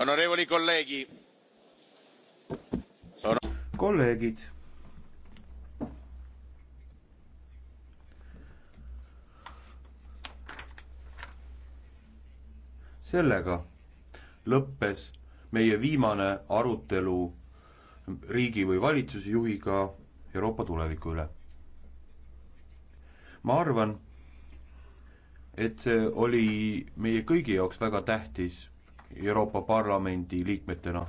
onorevoli colleghi kolleegid sellega lõppes meie viimane arutelu riigi või valitsusjuhiga euroopa tuleviku üle ma arvan et see oli meie kõigi jaoks väga tähtis Euroopa Parlamendi liikmetena.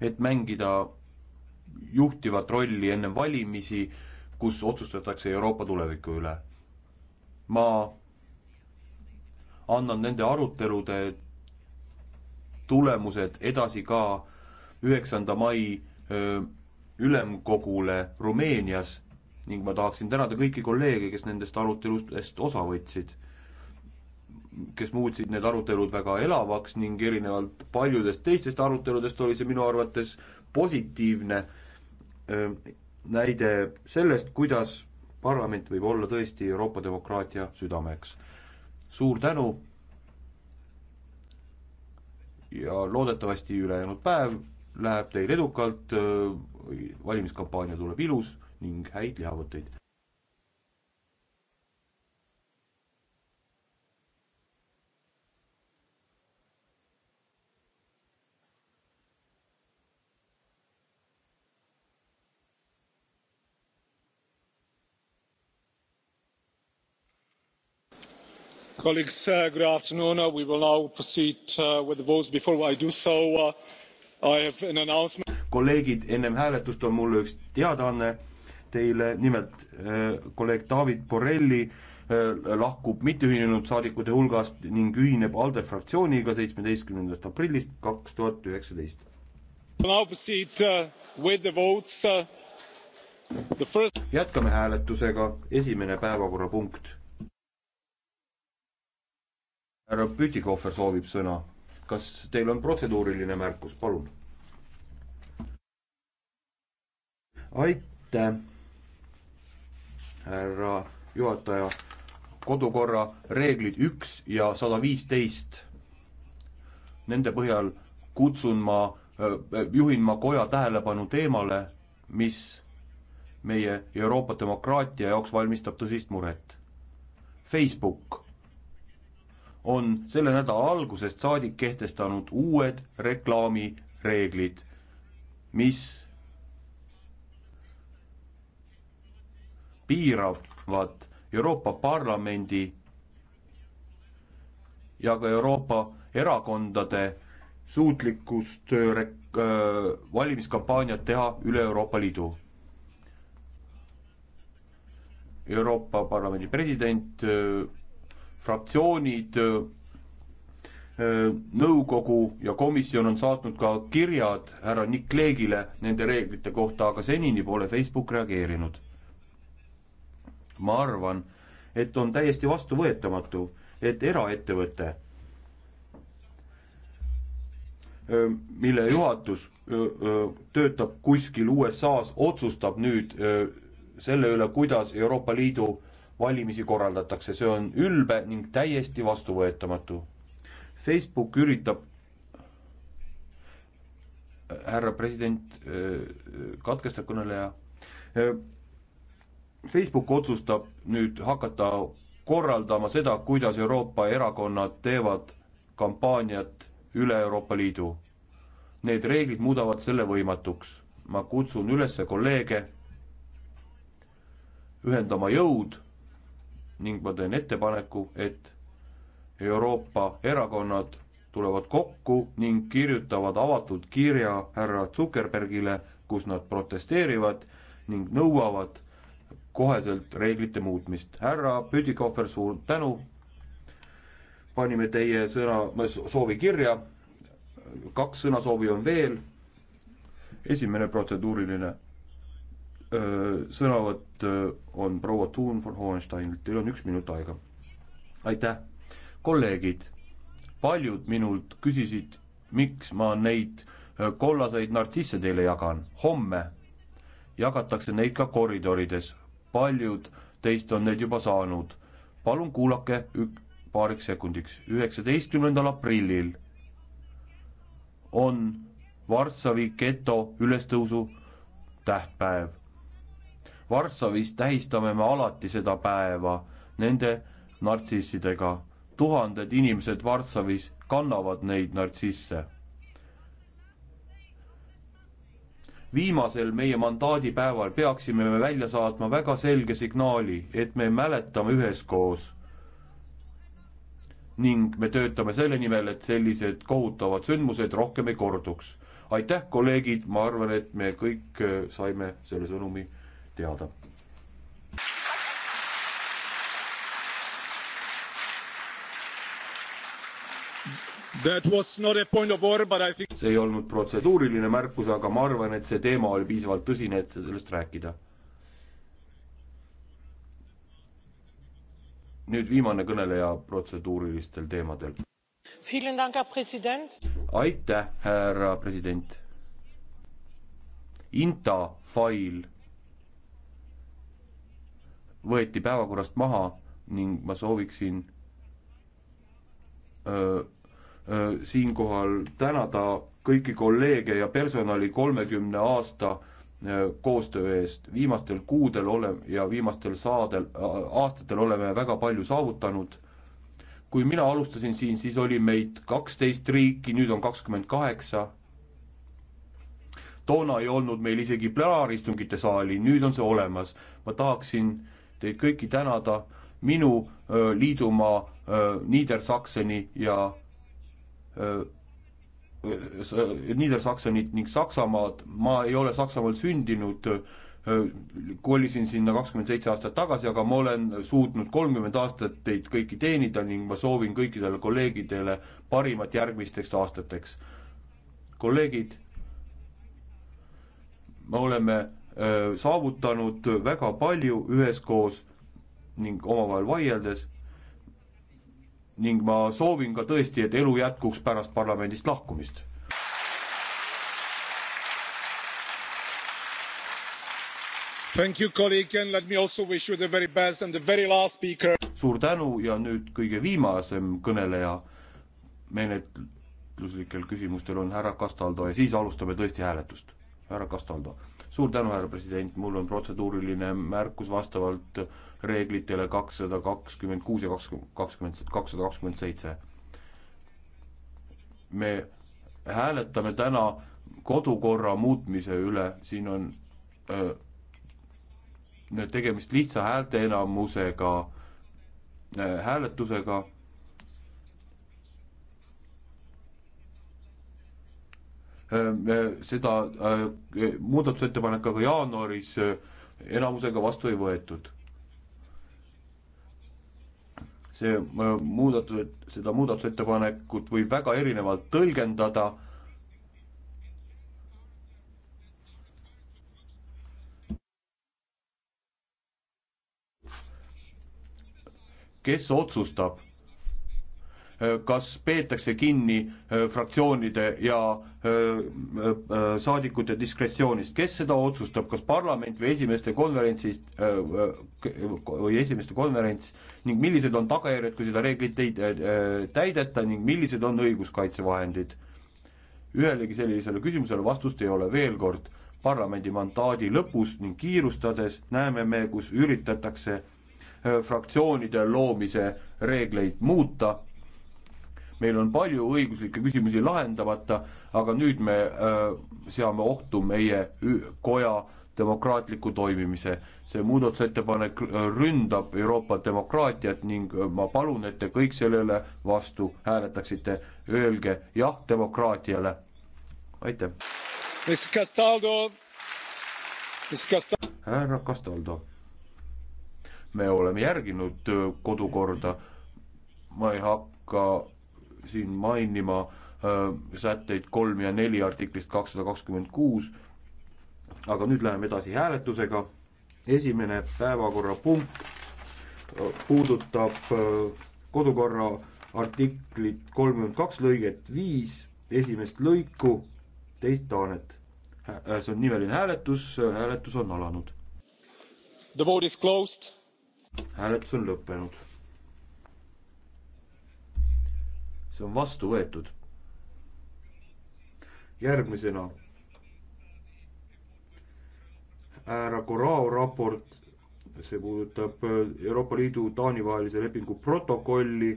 et mängida juhtivat rolli enne valimisi, kus otsustatakse Euroopa tuleviku üle. ma annan nende arutelude tulemused edasi ka üheksanda mai öö, ülemkogule Rumeenias ning ma tahaksin tänada kõiki kolleege, kes nendest aruteludest osa võtsid, kes muutsid need arutelud väga elavaks ning erinevalt paljudest teistest aruteludest oli see minu arvates positiivne öö, näide sellest, kuidas parlament võib olla tõesti Euroopa demokraatia südameks. suur tänu ja loodetavasti ülejäänud päev läheb teil edukalt, valimiskampaania tuleb ilus ning häid lihavõtteid. colleagues uh, good afternoon. Uh, we will now proceed uh, with the votes. before i do so i have an announcement. kolleegid ennem hääletust on mul üks teadaanne teile, nimelt äh, kolleeg David Borrelli äh, lahkub mitteühinenud saadikute hulgast ning ühineb ALDE fraktsiooniga seitsmeteistkümnendast aprillist kaks tuhat üheksateist. Uh, uh, jätkame hääletusega, esimene päevakorrapunkt. härra Pütikofer soovib sõna. kas teil on protseduuriline märkus, palun? aitäh härra juhataja, kodukorra reeglid üks ja sada viisteist. Nende põhjal kutsun ma, äh, juhin ma koja tähelepanu teemale, mis meie Euroopa demokraatia jaoks valmistab tõsist muret. Facebook on selle nädala algusest saadik kehtestanud uued reklaamireeglid, mis piiravad Euroopa Parlamendi ja ka Euroopa erakondade suutlikkust äh, äh, valimiskampaaniat teha üle Euroopa Liidu. Euroopa Parlamendi president, äh, fraktsioonid, nõukogu ja komisjon on saatnud ka kirjad härra Nick Cleggile nende reeglite kohta, aga senini pole Facebook reageerinud ma arvan, et on täiesti vastuvõetamatu, et eraettevõte, mille juhatus töötab kuskil USA-s, otsustab nüüd selle üle, kuidas Euroopa Liidu valimisi korraldatakse, see on ülbe ning täiesti vastuvõetamatu. Facebook üritab härra president katkestab kõneleja Facebook otsustab nüüd hakata korraldama seda, kuidas Euroopa erakonnad teevad kampaaniat üle Euroopa Liidu. Need reeglid muudavad selle võimatuks. ma kutsun üles kolleege ühendama jõud ning ma teen ettepaneku, et Euroopa erakonnad tulevad kokku ning kirjutavad avatud kirja härra Zuckerbergile, kus nad protesteerivad ning nõuavad koheselt reeglite muutmist. härra Püdikohver, suur tänu, panime teie sõna, soovi kirja, kaks sõnasoovi on veel, esimene protseduuriline sõnavõtt on proua Thun von Hohensteinilt, teil on üks minut aega. aitäh, kolleegid, paljud minult küsisid, miks ma neid kollaseid nartsisse teile jagan, homme jagatakse neid ka koridorides paljud teist on need juba saanud. palun kuulake ük-, paariks sekundiks. üheksateistkümnendal aprillil on Varssavi geto ülestõusu tähtpäev. Varssavis tähistame me alati seda päeva nende nartsissidega. tuhanded inimesed Varssavis kannavad neid nartsisse viimasel meie mandaadi päeval peaksime me välja saatma väga selge signaali, et me mäletame üheskoos. ning me töötame selle nimel, et sellised kohutavad sündmused rohkem ei korduks. aitäh, kolleegid, ma arvan, et me kõik äh, saime selle sõnumi teada Think... see ei olnud protseduuriline märkus, aga ma arvan, et see teema oli piisavalt tõsine, et sellest rääkida. nüüd viimane kõneleja protseduurilistel teemadel. aitäh, härra president. INTA fail võeti päevakorrast maha ning ma sooviksin öö, siinkohal tänada kõiki kolleege ja personali kolmekümne aasta koostöö eest. viimastel kuudel oleme ja viimastel saadel, aastatel oleme väga palju saavutanud. kui mina alustasin siin, siis oli meid kaksteist riiki, nüüd on kakskümmend kaheksa. toona ei olnud meil isegi plenaaristungite saali, nüüd on see olemas. ma tahaksin teid kõiki tänada minu öö, liidumaa Niedersakseni ja Äh, äh, Niedersaksenit ning Saksamaad, ma ei ole Saksamaal sündinud, äh, kolisin sinna kakskümmend seitse aastat tagasi, aga ma olen suutnud kolmkümmend aastat teid kõiki teenida ning ma soovin kõikidele kolleegidele parimat järgmisteks aastateks. kolleegid, me oleme saavutanud väga palju üheskoos ning omavahel vaieldes ning ma soovin ka tõesti, et elu jätkuks pärast parlamendist lahkumist. Thank you, colleague, and let me also wish you the very best and the very last speaker. suur tänu ja nüüd kõige viimasem kõneleja menetluslikel küsimustel on härra Castaldo ja siis alustame tõesti hääletust härra Castaldo. suur tänu, härra president, mul on protseduuriline märkus vastavalt reeglitele kakssada kakskümmend kuus ja kakskümmend, kakskümmend, kakssada kakskümmend seitse. me hääletame täna kodukorra muutmise üle, siin on öö, tegemist lihtsa häälteenamusega hääletusega Äh, äh, seda äh, muudatusettepanek aga jaanuaris enamusega vastu ei võetud. see muudatus, seda muudatusettepanekut võib väga erinevalt tõlgendada kes otsustab, Äh, kas peetakse kinni äh, fraktsioonide ja äh, saadikute diskretsioonist, kes seda otsustab, kas parlament või esimeeste konverentsist või esimeeste konverents ning millised on tagajärjed, kui seda reeglit ei täideta ning millised on õiguskaitsevahendid? ühelegi sellisele küsimusele vastust ei ole, veel kord parlamendi mandaadi lõpus ning kiirustades näeme me, kus üritatakse fraktsioonide loomise reegleid muuta meil on palju õiguslikke küsimusi lahendamata, aga nüüd me äh, seame ohtu meie koja demokraatliku toimimise. see muudatusettepanek ründab Euroopa demokraatiat ning äh, ma palun, et te kõik sellele vastu hääletaksite. Öelge jah demokraatiale. aitäh. härra Castaldo, me oleme järginud äh, kodukorda. ma ei hakka siin mainima äh, sätteid kolm ja neli artiklist kakssada kakskümmend kuus, aga nüüd läheme edasi hääletusega. esimene päevakorrapunkt äh, puudutab äh, kodukorra artiklit kolmkümmend kaks lõiget viis, esimest lõiku, teist taanet. see on nimeline hääletus, hääletus on alanud. hääletus on lõppenud see on vastu võetud. järgmisena härra Corao raport, see puudutab äh, Euroopa Liidu Taani vahelise lepingu protokolli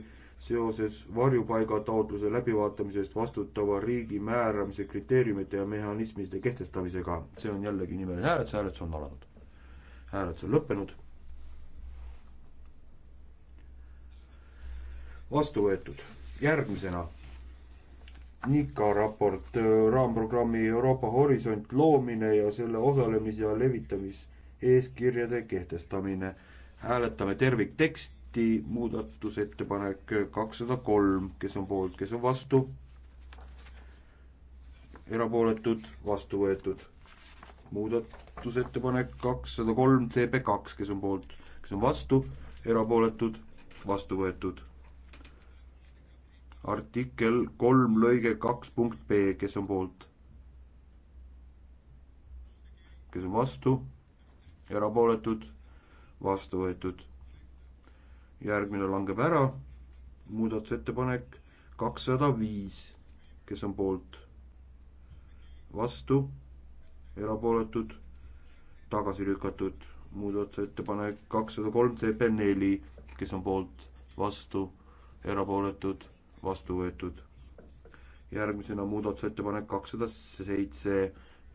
seoses varjupaigataotluse läbivaatamisest vastutava riigi määramise kriteeriumite ja mehhanismide kehtestamisega. see on jällegi nimeline hääletus, hääletus on alanud. hääletus on lõppenud. vastu võetud järgmisena Nika raport, raamprogrammi Euroopa Horisont loomine ja selle osalemise ja levitamiseeskirjade kehtestamine. hääletame tervikteksti, muudatusettepanek kakssada kolm, kes on poolt, kes on vastu? erapooletud, vastu võetud. muudatusettepanek kakssada kolm, CP kaks, kes on poolt, kes on vastu? erapooletud, vastu võetud artikkel kolm lõige kaks punkt B, kes on poolt? kes on vastu? erapooletud? vastu võetud. järgmine langeb ära. muudatusettepanek kakssada viis, kes on poolt? vastu? erapooletud? tagasi lükatud. muudatusettepanek kakssada kolm CP neli, kes on poolt? vastu? erapooletud vastu võetud. järgmisena muudatusettepanek kakssada seitse,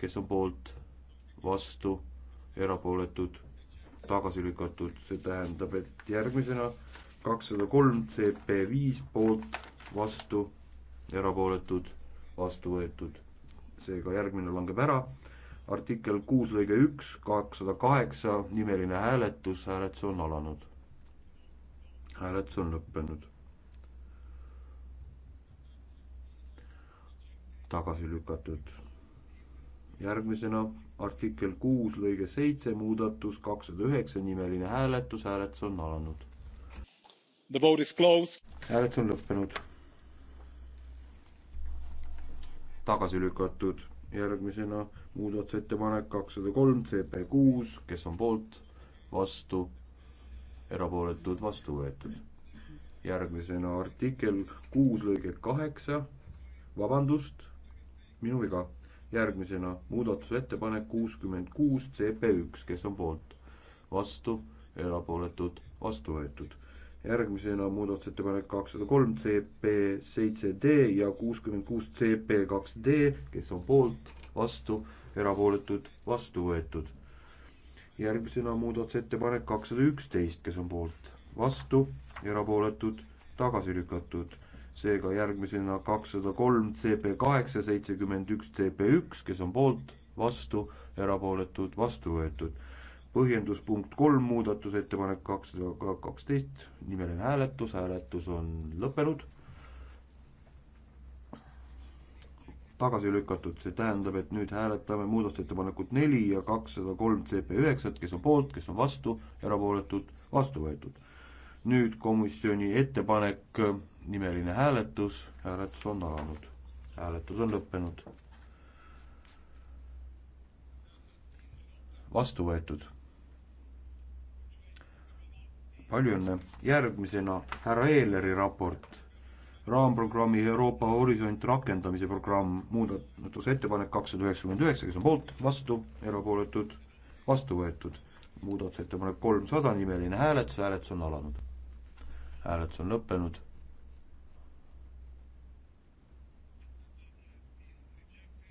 kes on poolt, vastu, erapooletud, tagasi lükatud, see tähendab, et järgmisena kakssada kolm CP viis poolt, vastu, erapooletud, vastu võetud. seega järgmine langeb ära. artikkel kuus lõige üks, kakssada kaheksa, nimeline hääletus, hääletus on alanud. hääletus on lõppenud tagasi lükatud. järgmisena artikkel kuus lõige seitse muudatus kakssada üheksa nimeline hääletus, hääletus on alanud. hääletus on lõppenud. tagasi lükatud, järgmisena muudatusettepanek kakssada kolm CP kuus, kes on poolt, vastu, erapooletud, vastu võetud. järgmisena artikkel kuus lõige kaheksa, vabandust minu viga. järgmisena muudatusettepanek kuuskümmend kuus CP üks, kes on poolt, vastu, erapooletud, vastu võetud. järgmisena muudatusettepanek kakssada kolm CP seitse D ja kuuskümmend kuus CP kaks D, kes on poolt, vastu, erapooletud, vastu võetud järgmisena muudatusettepanek kakssada üksteist, kes on poolt, vastu, erapooletud, tagasi lükatud seega järgmisena kakssada kolm CP kaheksa, seitsekümmend üks CP üks, kes on poolt, vastu, erapooletud, vastu võetud. põhjendus punkt kolm, muudatusettepanek kakssada kaksteist, nimeline hääletus, hääletus on lõppenud. tagasi lükatud, see tähendab, et nüüd hääletame muudatusettepanekut neli ja kakssada kolm CP üheksat, kes on poolt, kes on vastu, erapooletud, vastu võetud nüüd komisjoni ettepanek, nimeline hääletus, hääletus on alanud, hääletus on lõppenud. vastu võetud. palju õnne, järgmisena härra Eeleri raport raamprogrammi Euroopa Horisont rakendamise programm, muudatusettepanek kakssada üheksakümmend üheksa, kes on poolt, vastu, erapooletud, vastu võetud. muudatusettepanek kolmsada, nimeline hääletus, hääletus on alanud hääletus on lõppenud.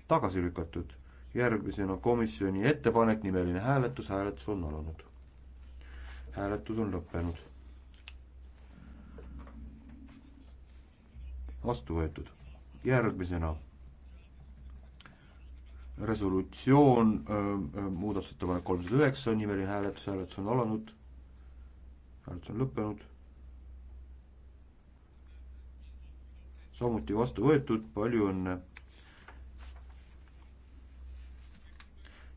tagasi lükatud, järgmisena komisjoni ettepanek, nimeline hääletus, hääletus on alanud. hääletus on lõppenud. vastu võetud, järgmisena resolutsioon äh,, muudatusettepanek kolmsada üheksa, nimeline hääletus, hääletus on alanud, hääletus on lõppenud. samuti vastu võetud, palju õnne.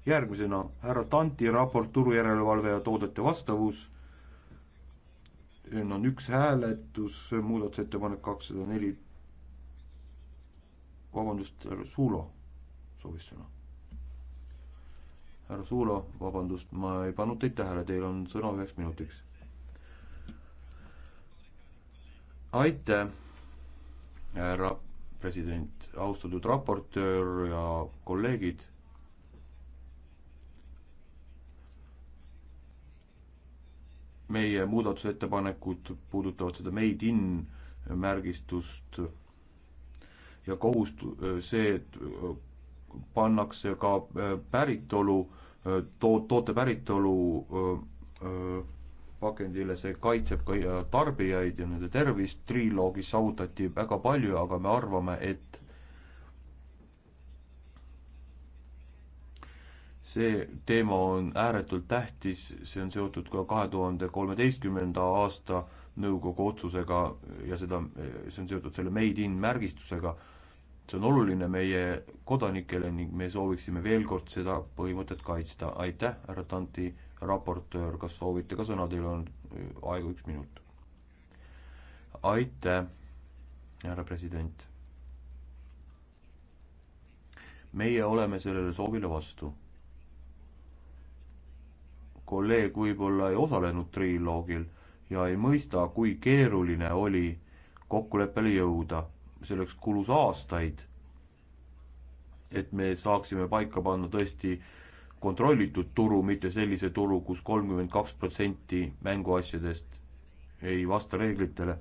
järgmisena härra Tanti raport turujärelevalve ja toodete vastavus. siin on üks hääletus, muudatusettepanek kakssada neli. vabandust, härra Suulo soovis sõna. härra Suulo, vabandust, ma ei pannud teid tähele, teil on sõna üheks minutiks. aitäh härra president, austatud raportöör ja kolleegid. meie muudatusettepanekud puudutavad seda made in märgistust ja kohust-, see, et pannakse ka päritolu, to-, toote päritolu öö, öö, pakendile, see kaitseb ka äh, tarbijaid ja nende tervist, triloogis saavutati väga palju, aga me arvame, et see teema on ääretult tähtis, see on seotud ka kahe tuhande kolmeteistkümnenda aasta nõukogu otsusega ja seda, äh, see on seotud selle Made in märgistusega. see on oluline meie kodanikele ning me sooviksime veel kord seda põhimõtet kaitsta. aitäh, härra Tanti raportöör, kas soovite ka sõna, teil on äh, aega üks minut. aitäh, härra president. meie oleme sellele soovile vastu. kolleeg võib-olla ei osalenud triloogil ja ei mõista, kui keeruline oli kokkuleppele jõuda. selleks kulus aastaid, et me saaksime paika panna tõesti äh, kontrollitud turu, mitte sellise turu kus, kus kolmkümmend kaks protsenti mänguasjadest ei vasta reeglitele.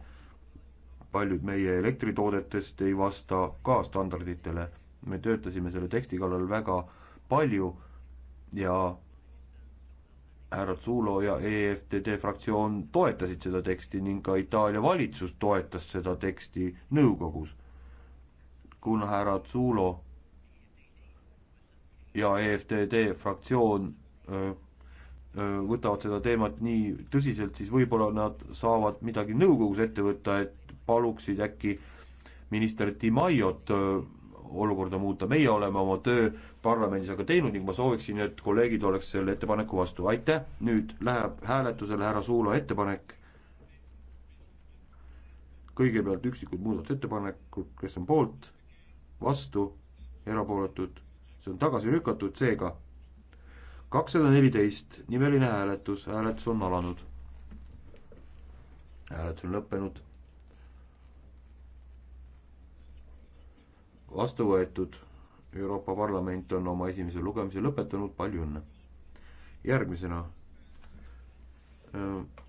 paljud meie elektritoodetest ei vasta ka standarditele. me töötasime selle teksti kallal väga palju ja härra Zulo ja EFTD fraktsioon toetasid seda teksti ning ka Itaalia valitsus toetas seda teksti nõukogus. kuna härra Zulo ja EFTD fraktsioon öö, võtavad seda teemat nii tõsiselt, siis võib-olla nad saavad midagi nõukogus ette võtta, et paluksid äkki minister Timaiot olukorda muuta, meie oleme oma töö parlamendis aga teinud ning ma sooviksin, et kolleegid oleks selle ettepaneku vastu, aitäh, nüüd läheb hääletusele härra Suulo ettepanek. kõigepealt üksikud muudatusettepanekud, kes on poolt, vastu, erapooletud see on tagasi lükatud, seega kakssada neliteist nimeline hääletus, hääletus on alanud. hääletus on lõppenud. vastu võetud. Euroopa Parlament on oma esimese lugemise lõpetanud, palju õnne. järgmisena äh,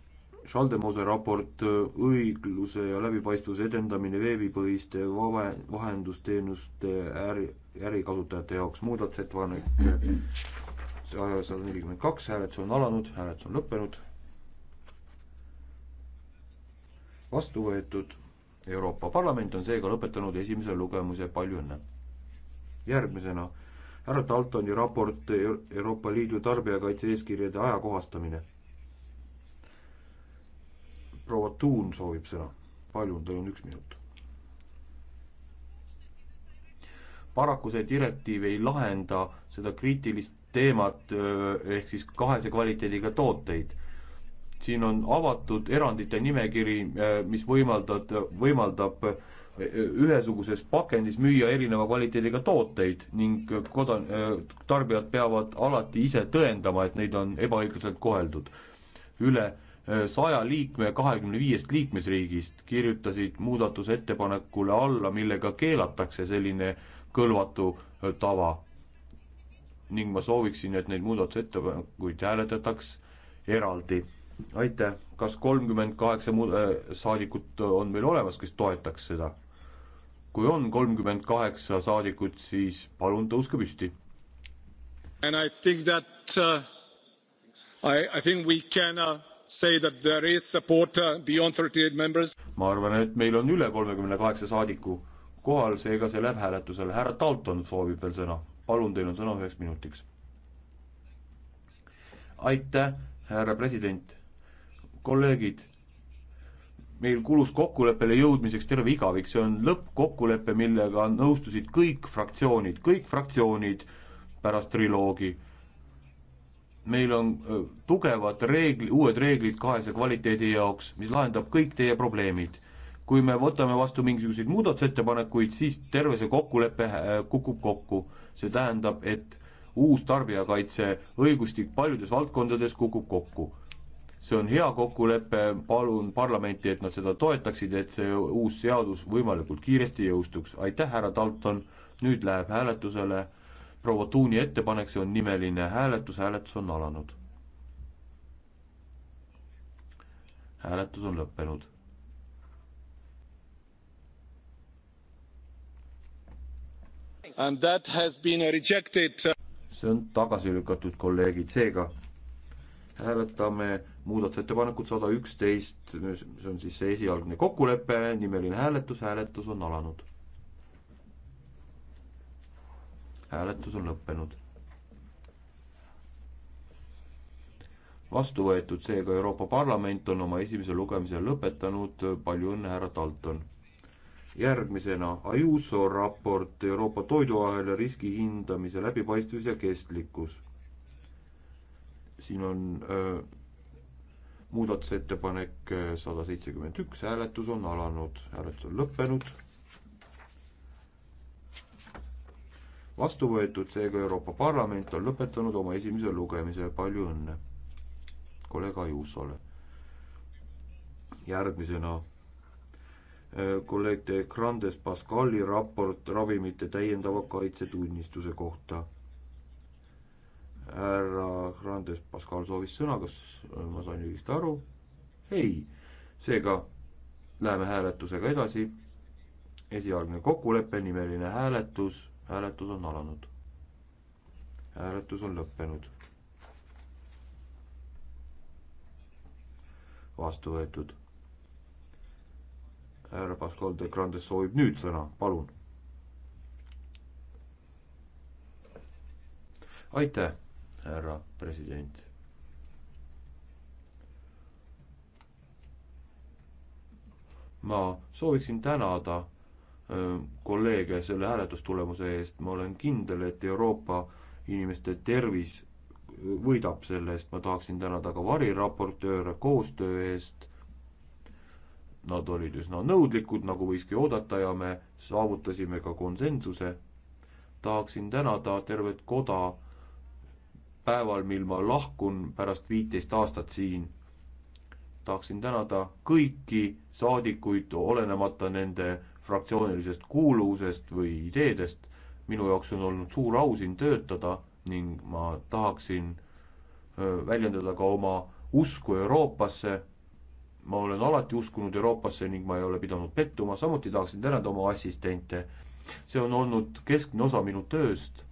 Schaldemose raport äh, õigluse ja läbipaistvuse edendamine veebipõhiste vahe, vahendusteenuste äri, ärikasutajate jaoks muudatusettepanek sada nelikümmend kaks, hääletus on alanud, hääletus on lõppenud. vastu võetud Euroopa Parlament on seega lõpetanud esimese lugemise, palju õnne. järgmisena härra Daltoni raport Euroopa Liidu tarbijakaitse-eeskirjade ajakohastamine. proua Tuun soovib sõna, palun, teil on üks minut paraku see direktiiv ei lahenda seda kriitilist teemat ehk siis kahese kvaliteediga tooteid. siin on avatud erandite nimekiri, mis võimaldad, võimaldab ühesuguses pakendis müüa erineva kvaliteediga tooteid ning kodan-, tarbijad peavad alati ise tõendama, et neid on ebaõiglaselt koheldud. üle saja liikme kahekümne viiest liikmesriigist kirjutasid muudatusettepanekule alla, millega keelatakse selline kõlvatu äh, tava. ning ma sooviksin, et neid muudatusettepanekuid hääletataks eraldi. aitäh, kas kolmkümmend kaheksa mu-, äh, saadikut on meil olemas, kes toetaks seda? kui on kolmkümmend kaheksa saadikut, siis palun tõuske püsti. And I think that uh, I, I think we can uh, say that there is support uh, beyond 38 members. ma arvan, et meil on üle kolmekümne kaheksa saadiku kohal, seega see läheb hääletusele. härra Dalton soovib veel sõna. palun, teil on sõna üheks minutiks. aitäh, härra president. kolleegid, meil kulus kokkuleppele jõudmiseks terve igavik, see on lõppkokkulepe, millega nõustusid kõik fraktsioonid, kõik fraktsioonid pärast triloogi meil on tugevad reegli, uued reeglid kahese kvaliteedi jaoks, mis lahendab kõik teie probleemid kui me võtame vastu mingisuguseid muudatusettepanekuid, siis terve see kokkulepe äh, kukub kokku. see tähendab, et uus tarbijakaitse õigustik paljudes valdkondades kukub kokku. see on hea kokkulepe, palun parlamenti, et nad seda toetaksid, et see uus seadus võimalikult kiiresti jõustuks. aitäh, härra Dalton, nüüd läheb hääletusele proua Tuuni ettepanek, see on nimeline hääletus, hääletus on alanud. hääletus on lõppenud see on tagasi lükatud, kolleegid, seega hääletame muudatusettepanekut sada üksteist, see on siis see esialgne kokkulepe, nimeline hääletus, hääletus on alanud. hääletus on lõppenud. vastu võetud, seega Euroopa Parlament on oma esimese lugemise lõpetanud, palju õnne, härra Dalton! järgmisena Ajuso raport Euroopa toiduahela riski hindamise läbipaistvus ja kestlikkus. siin on öö, äh, muudatusettepanek äh, sada seitsekümmend üks, hääletus on alanud, hääletus on lõppenud. vastu võetud, seega Euroopa Parlament on lõpetanud oma esimese lugemise, palju õnne kolleeg Ajusole. järgmisena Äh, kolleeg De Grandes Pascali raport ravimite täiendava kaitsetunnistuse kohta. härra Grandes Pascal soovis sõna, kas ma sain õigesti aru? ei, seega läheme hääletusega edasi. esialgne kokkulepe, nimeline hääletus, hääletus on alanud. hääletus on lõppenud. vastu võetud härra Pascal de Grandes soovib nüüd sõna, palun. aitäh, härra president. ma sooviksin tänada kolleege selle hääletustulemuse eest, ma olen kindel, et Euroopa inimeste tervis võidab selle eest, ma tahaksin tänada ka variraportööre koostöö eest Nad olid üsna nõudlikud, nagu võiski oodata ja me saavutasime ka konsensuse. tahaksin tänada tervet koda päeval, mil ma lahkun pärast viiteist aastat siin. tahaksin tänada kõiki saadikuid, olenemata nende fraktsioonilisest kuuluvusest või ideedest. minu jaoks on olnud suur au siin töötada ning ma tahaksin väljendada ka oma usku Euroopasse ma olen alati uskunud Euroopasse ning ma ei ole pidanud pettuma, samuti tahaksin tänada oma assistente. see on olnud keskne osa minu tööst.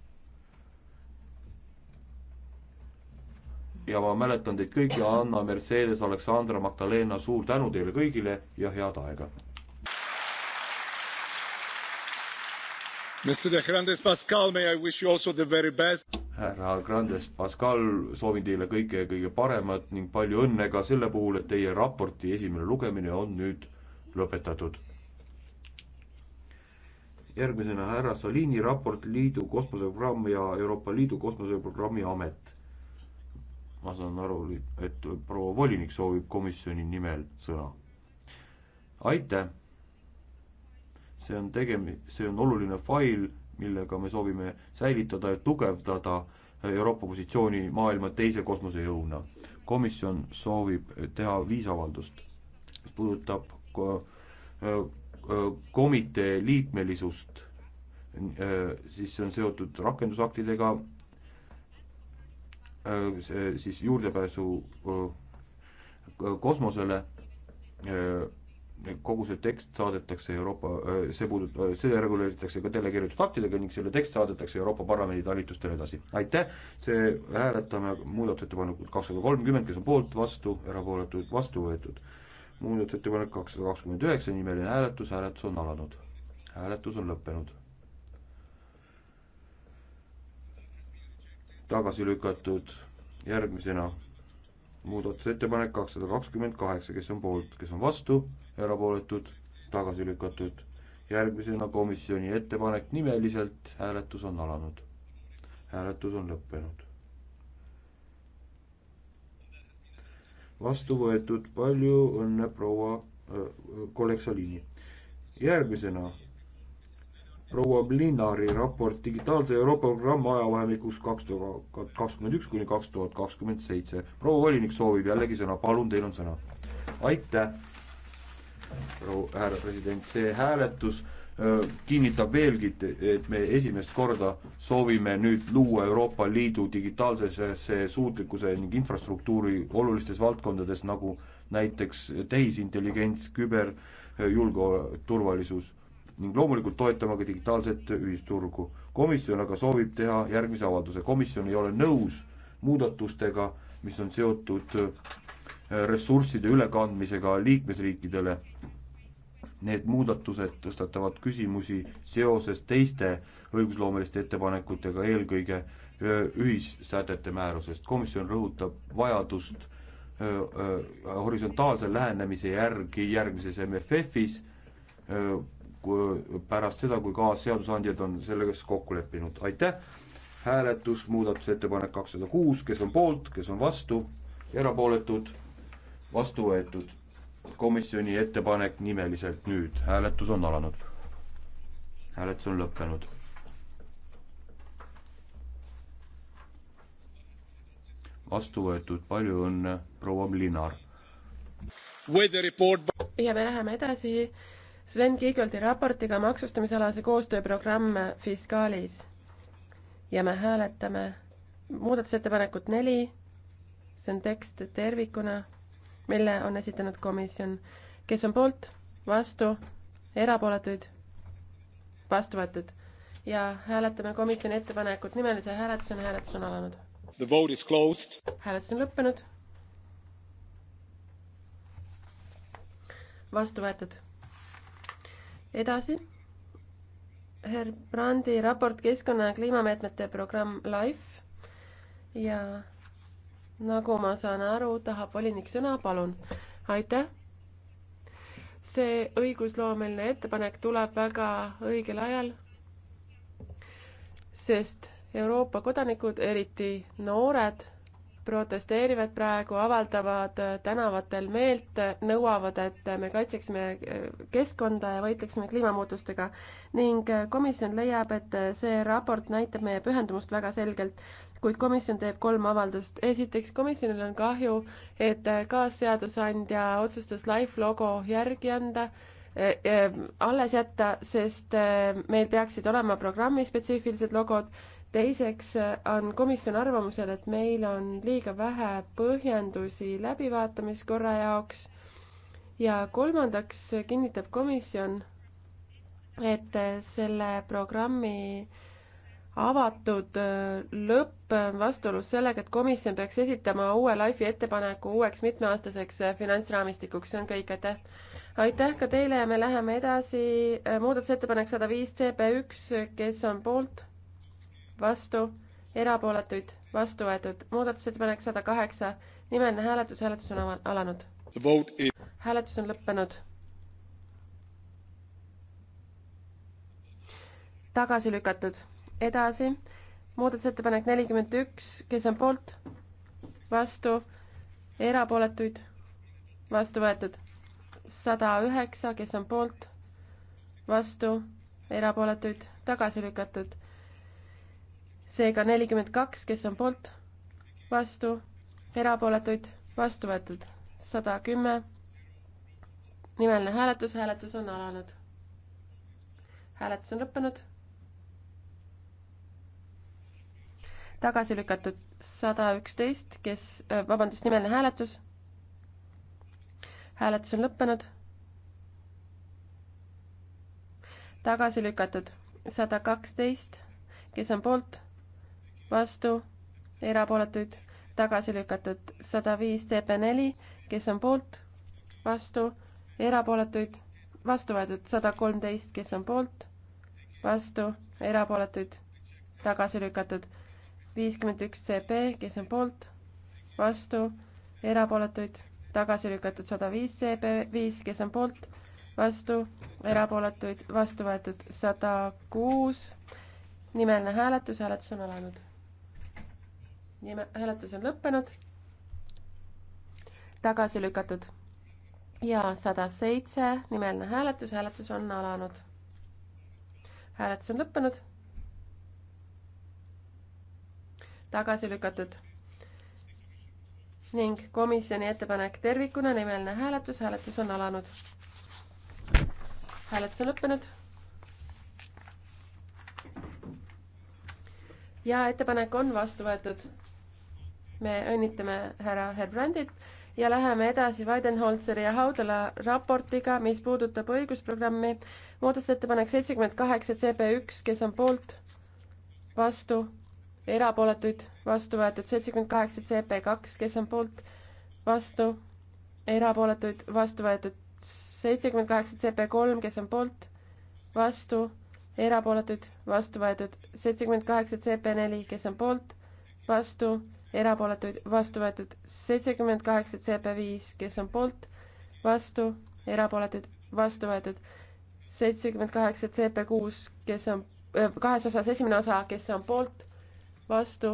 ja ma mäletan teid kõiki, Anna, Mercedes, Aleksandra, Magdalena, suur tänu teile kõigile ja head aega! härra Grandes Pascal, soovin teile kõike kõige paremat ning palju õnne ka selle puhul, et teie raporti esimene lugemine on nüüd lõpetatud. järgmisena härra Salini raport Liidu kosmoseprogramm ja Euroopa Liidu kosmoseprogrammi amet. ma saan aru, et proua volinik soovib komisjoni nimel sõna. aitäh see on tegemi-, see on oluline fail, millega me soovime säilitada ja tugevdada Euroopa positsiooni maailma teise kosmosejõuna. komisjon soovib teha viis avaldust, mis puudutab ko-, komitee liikmelisust, siis see on seotud rakendusaktidega, see siis juurdepääsu kosmosele, kogu see tekst saadetakse Euroopa, see puudutab, see reguleeritakse ka delegeeritud aktidega ning selle tekst saadetakse Euroopa Parlamendi talitustele edasi. aitäh, see hääletame muudatusettepanekut kakssada kolmkümmend, kes on poolt, vastu, erapooletud, vastu võetud. muudatusettepanek kakssada kakskümmend üheksa, nimeline hääletus, hääletus on alanud. hääletus on lõppenud. tagasi lükatud, järgmisena muudatusettepanek kakssada kakskümmend kaheksa, kes on poolt, kes on vastu, erapooletud, tagasi lükatud. järgmisena komisjoni ettepanek nimeliselt, hääletus on alanud. hääletus on lõppenud. vastu võetud, palju õnne, proua äh, kolleeg Salini. järgmisena proua Blinari raport digitaalse Euroopa programma ajavahemikus kaks tuhat kakskümmend üks kuni kaks tuhat kakskümmend seitse. proua volinik soovib jällegi sõna, palun, teil on sõna. aitäh härra president, see hääletus kinnitab veelgi, et me esimest korda soovime nüüd luua Euroopa Liidu digitaalsesse suutlikkuse ning infrastruktuuri olulistes valdkondades, nagu näiteks tehisintelligents, küberjulgeturvalisus ning loomulikult toetama ka digitaalset ühisturgu. komisjon aga soovib teha järgmise avalduse, komisjon ei ole nõus muudatustega, mis on seotud ressursside ülekandmisega liikmesriikidele need muudatused tõstatavad küsimusi seoses teiste õigusloomeliste ettepanekutega, eelkõige ühissätete määrusest. komisjon rõhutab vajadust horisontaalse lähenemise järgi järgmises MFF-is, pärast seda, kui kaasseadusandjad on selles kokku leppinud. aitäh, hääletus, muudatusettepanek kakssada kuus, kes on poolt, kes on vastu, erapooletud, vastu võetud komisjoni ettepanek nimeliselt nüüd, hääletus on alanud. hääletus on lõppenud. vastu võetud, palju õnne, proua Mlinar. ja me läheme edasi Sven Kiigoldi raportiga maksustamisalase koostööprogramm Fiskaalis. ja me hääletame muudatusettepanekut neli, see on tekst tervikuna mille on esitanud komisjon. kes on poolt, vastu, erapooletuid, vastu võetud ja hääletame komisjoni ettepanekut nimelise hääletusena, hääletus on alanud. hääletus on lõppenud. vastu võetud. edasi. Herr Brandi raport Keskkonna ja kliimameetmete programm LIFE ja nagu ma saan aru, tahab volinik sõna, palun. aitäh. see õigusloomeline ettepanek tuleb väga õigel ajal, sest Euroopa kodanikud, eriti noored, protesteerivad praegu, avaldavad tänavatel meelt, nõuavad, et me kaitseksime keskkonda ja võitleksime kliimamuutustega. ning komisjon leiab, et see raport näitab meie pühendumust väga selgelt kuid komisjon teeb kolm avaldust. esiteks, komisjonil on kahju, et kaasseadusandja otsustas Life logo järgi anda äh,, äh, alles jätta, sest äh, meil peaksid olema programmi spetsiifilised logod. teiseks on komisjon arvamusel, et meil on liiga vähe põhjendusi läbivaatamiskorra jaoks ja kolmandaks kinnitab komisjon, et selle programmi äh, avatud äh, lõpp äh, vastuolus sellega, et komisjon peaks esitama uue LIFE-i ettepaneku uueks mitmeaastaseks äh, finantsraamistikuks, see on kõik, aitäh! aitäh ka teile ja me läheme edasi, muudatusettepanek sada viis CB1, kes on poolt, vastu, erapooletuid, vastu võetud, muudatusettepanek sada kaheksa, nimeline hääletus, hääletus on alanud. hääletus on lõppenud. tagasi lükatud edasi, muudatusettepanek nelikümmend üks, kes on poolt, vastu, erapooletuid, vastu võetud. sada üheksa, kes on poolt, vastu, erapooletuid, tagasi lükatud. seega nelikümmend kaks, kes on poolt, vastu, erapooletuid, vastu võetud. sada kümme, nimeline hääletus, hääletus on alanud. hääletus on lõppenud tagasi lükatud sada üksteist, kes, äh, vabandust, nimeline hääletus. hääletus on lõppenud. tagasi lükatud sada kaksteist, kes on poolt, vastu, erapooletuid, tagasi lükatud sada viis CP4, kes on poolt, vastu, erapooletuid, vastu võetud sada kolmteist, kes on poolt, vastu, erapooletuid, tagasi lükatud viiskümmend üks CB, kes on poolt, vastu, erapooletuid, tagasi lükatud sada viis CB viis, kes on poolt, vastu, erapooletuid, vastu võetud sada kuus. nimeline hääletus, hääletus on alanud. nime, hääletus on lõppenud. tagasi lükatud ja sada seitse, nimeline hääletus, hääletus on alanud. hääletus on lõppenud tagasi lükatud. ning komisjoni ettepanek tervikuna, nimeline hääletus, hääletus on alanud. hääletus on lõppenud. ja ettepanek on vastu võetud. me õnnitleme härra Herbrandit ja läheme edasi Weidenholzeri ja Haudala raportiga, mis puudutab õigusprogrammi. muudatusettepanek seitsekümmend kaheksa CB üks, kes on poolt, vastu, erapooletuid, vastu võetud seitsekümmend kaheksa CP kaks, kes on poolt, vastu, erapooletuid, vastu võetud seitsekümmend kaheksa CP kolm, kes on poolt, vastu, erapooletuid, vastu võetud seitsekümmend kaheksa CP neli, kes on poolt, vastu, erapooletuid, vastu võetud seitsekümmend kaheksa CP viis, kes on poolt, vastu, erapooletuid, vastu võetud seitsekümmend kaheksa CP kuus, kes on äh, kahes osas, esimene osa, kes on poolt vastu,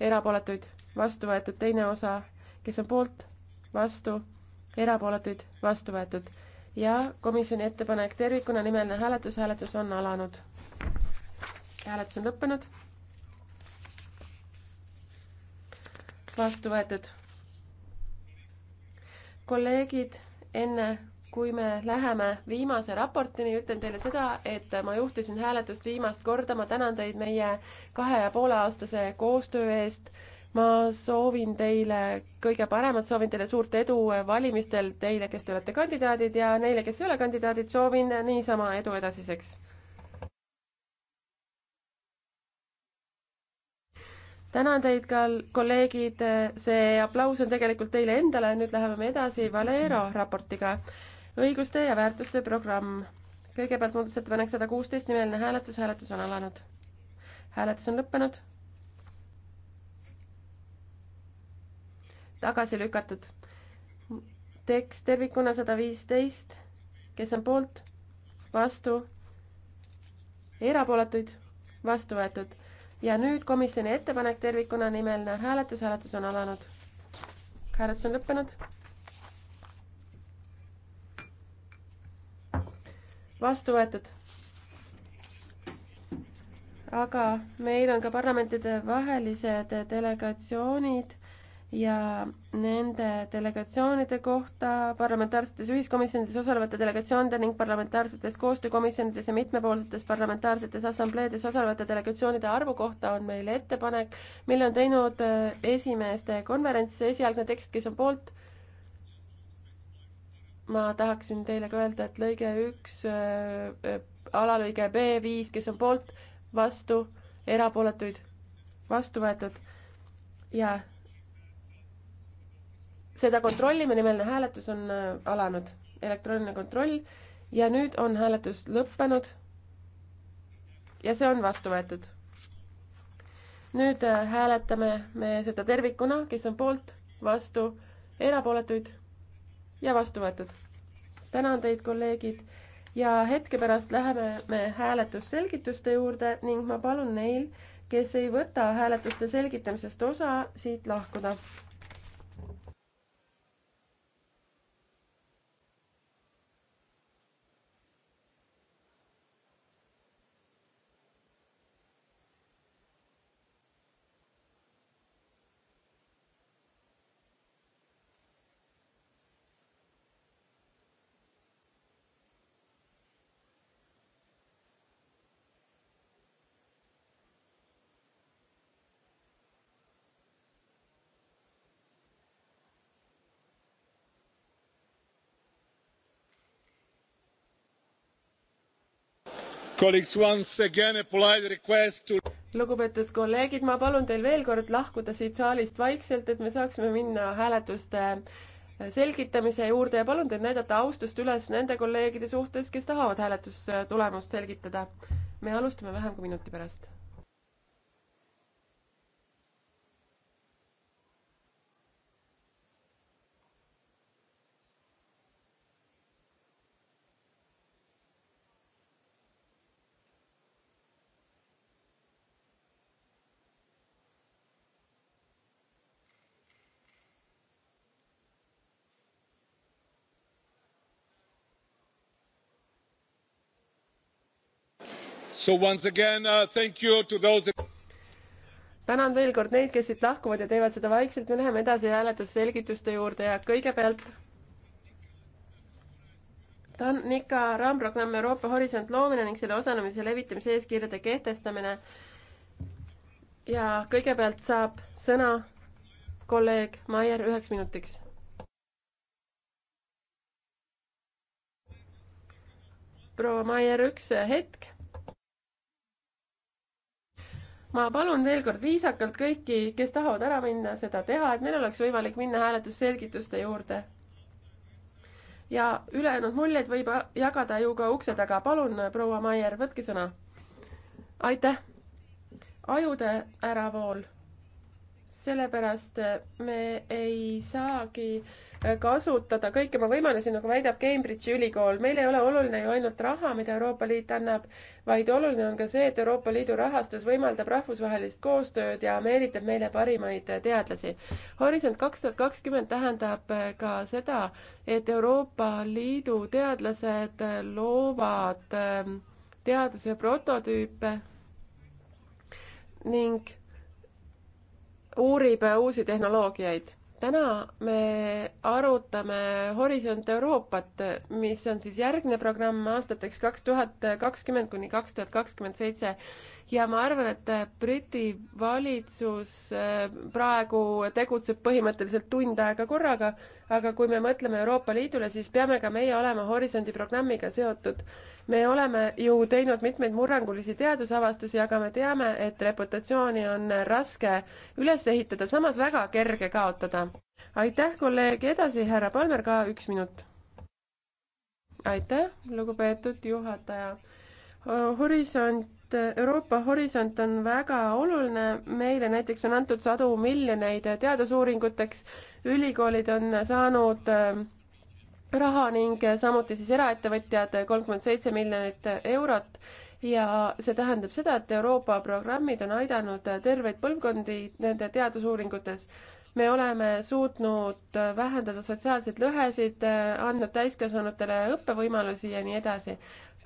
erapooletuid, vastu võetud, teine osa, kes on poolt, vastu, erapooletuid, vastu võetud ja komisjoni ettepanek tervikuna, nimeline hääletus, hääletus on alanud. hääletus on lõppenud. vastu võetud. kolleegid, enne kui me läheme viimase raportini, ütlen teile seda, et ma juhtisin hääletust viimast korda, ma tänan teid meie kahe ja poole aastase koostöö eest. ma soovin teile kõige paremat, soovin teile suurt edu valimistel, teile, kes te olete kandidaadid ja neile, kes ei ole kandidaadid, soovin niisama edu edasiseks. tänan teid ka, kolleegid, see aplaus on tegelikult teile endale, nüüd läheme me edasi Valero raportiga õiguste ja väärtuste programm. kõigepealt muudatusettepanek sada kuusteist, nimeline hääletus, hääletus on alanud. hääletus on lõppenud. tagasi lükatud. tekst tervikuna sada viisteist, kes on poolt, vastu, erapooletuid, vastu võetud. ja nüüd komisjoni ettepanek tervikuna, nimeline hääletus, hääletus on alanud. hääletus on lõppenud vastu võetud. aga meil on ka parlamentidevahelised delegatsioonid ja nende delegatsioonide kohta parlamentaarsetes ühiskomisjonides osalevate delegatsioonide ning parlamentaarsetes koostöökomisjonides ja mitmepoolsetes parlamentaarsetes assambleedes osalevate delegatsioonide arvu kohta on meil ettepanek, mille on teinud äh, esimeeste konverents, esialgne tekst, kes on poolt ma tahaksin teile ka öelda, et lõige üks äh, äh,, alalõige B viis, kes on poolt, vastu, erapooletuid, vastu võetud ja seda kontrollime, nimeline hääletus on äh, alanud, elektrooniline kontroll ja nüüd on hääletus lõppenud. ja see on vastu võetud. nüüd äh, hääletame me seda tervikuna, kes on poolt, vastu, erapooletuid ja vastu võetud. tänan teid, kolleegid, ja hetke pärast läheme me hääletusselgituste juurde ning ma palun neil, kes ei võta hääletuste selgitamisest osa, siit lahkuda. lugupeetud kolleegid, ma palun teil veel kord lahkuda siit saalist vaikselt, et me saaksime minna hääletuste selgitamise juurde ja palun teil näidata austust üles nende kolleegide suhtes, kes tahavad hääletustulemust selgitada. me alustame vähem kui minuti pärast Uh, tänan veel kord neid, kes siit lahkuvad ja teevad seda vaikselt, me läheme edasi hääletusselgituste juurde ja kõigepealt TAN-ICA raamprogramm Euroopa Horisont loomine ning selle osalemise levitamise eeskirjade kehtestamine. ja kõigepealt saab sõna kolleeg Maier üheks minutiks. proua Maier, üks hetk ma palun veel kord viisakalt kõiki, kes tahavad ära minna, seda teha, et meil oleks võimalik minna hääletusselgituste juurde. ja ülejäänud muljeid võib jagada ju ka ukse taga. palun, proua Maier, võtke sõna. aitäh. ajude äravool sellepärast me ei saagi kasutada kõiki oma võimalusi, nagu väidab Cambridge'i ülikool. meil ei ole oluline ju ainult raha, mida Euroopa Liit annab, vaid oluline on ka see, et Euroopa Liidu rahastus võimaldab rahvusvahelist koostööd ja meelitab meile parimaid teadlasi. Horisont kaks tuhat kakskümmend tähendab ka seda, et Euroopa Liidu teadlased loovad ähm, teaduse prototüüpe ning uurib uusi tehnoloogiaid. täna me arutame Horisont Euroopat, mis on siis järgne programm aastateks kaks tuhat kakskümmend kuni kaks tuhat kakskümmend seitse ja ma arvan, et äh, Briti valitsus äh, praegu tegutseb põhimõtteliselt tund aega korraga, aga kui me mõtleme Euroopa Liidule, siis peame ka meie olema Horisondi programmiga seotud. me oleme ju teinud mitmeid murrangulisi teadusavastusi, aga me teame, et reputatsiooni on raske üles ehitada, samas väga kerge kaotada. aitäh, kolleeg, edasi härra Palmer ka üks minut. aitäh, lugupeetud juhataja Horisont et Euroopa Horisont on väga oluline, meile näiteks on antud sadu miljoneid teadusuuringuteks, ülikoolid on saanud äh, raha ning samuti siis eraettevõtjad äh, kolmkümmend seitse miljonit eurot ja see tähendab seda, et Euroopa programmid on aidanud äh, terveid põlvkondi nende teadusuuringutes. me oleme suutnud vähendada sotsiaalseid lõhesid, andnud täiskasvanutele õppevõimalusi ja nii edasi